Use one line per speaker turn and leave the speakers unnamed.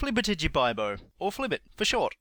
Flibbertigibibo, or Flibbit for short.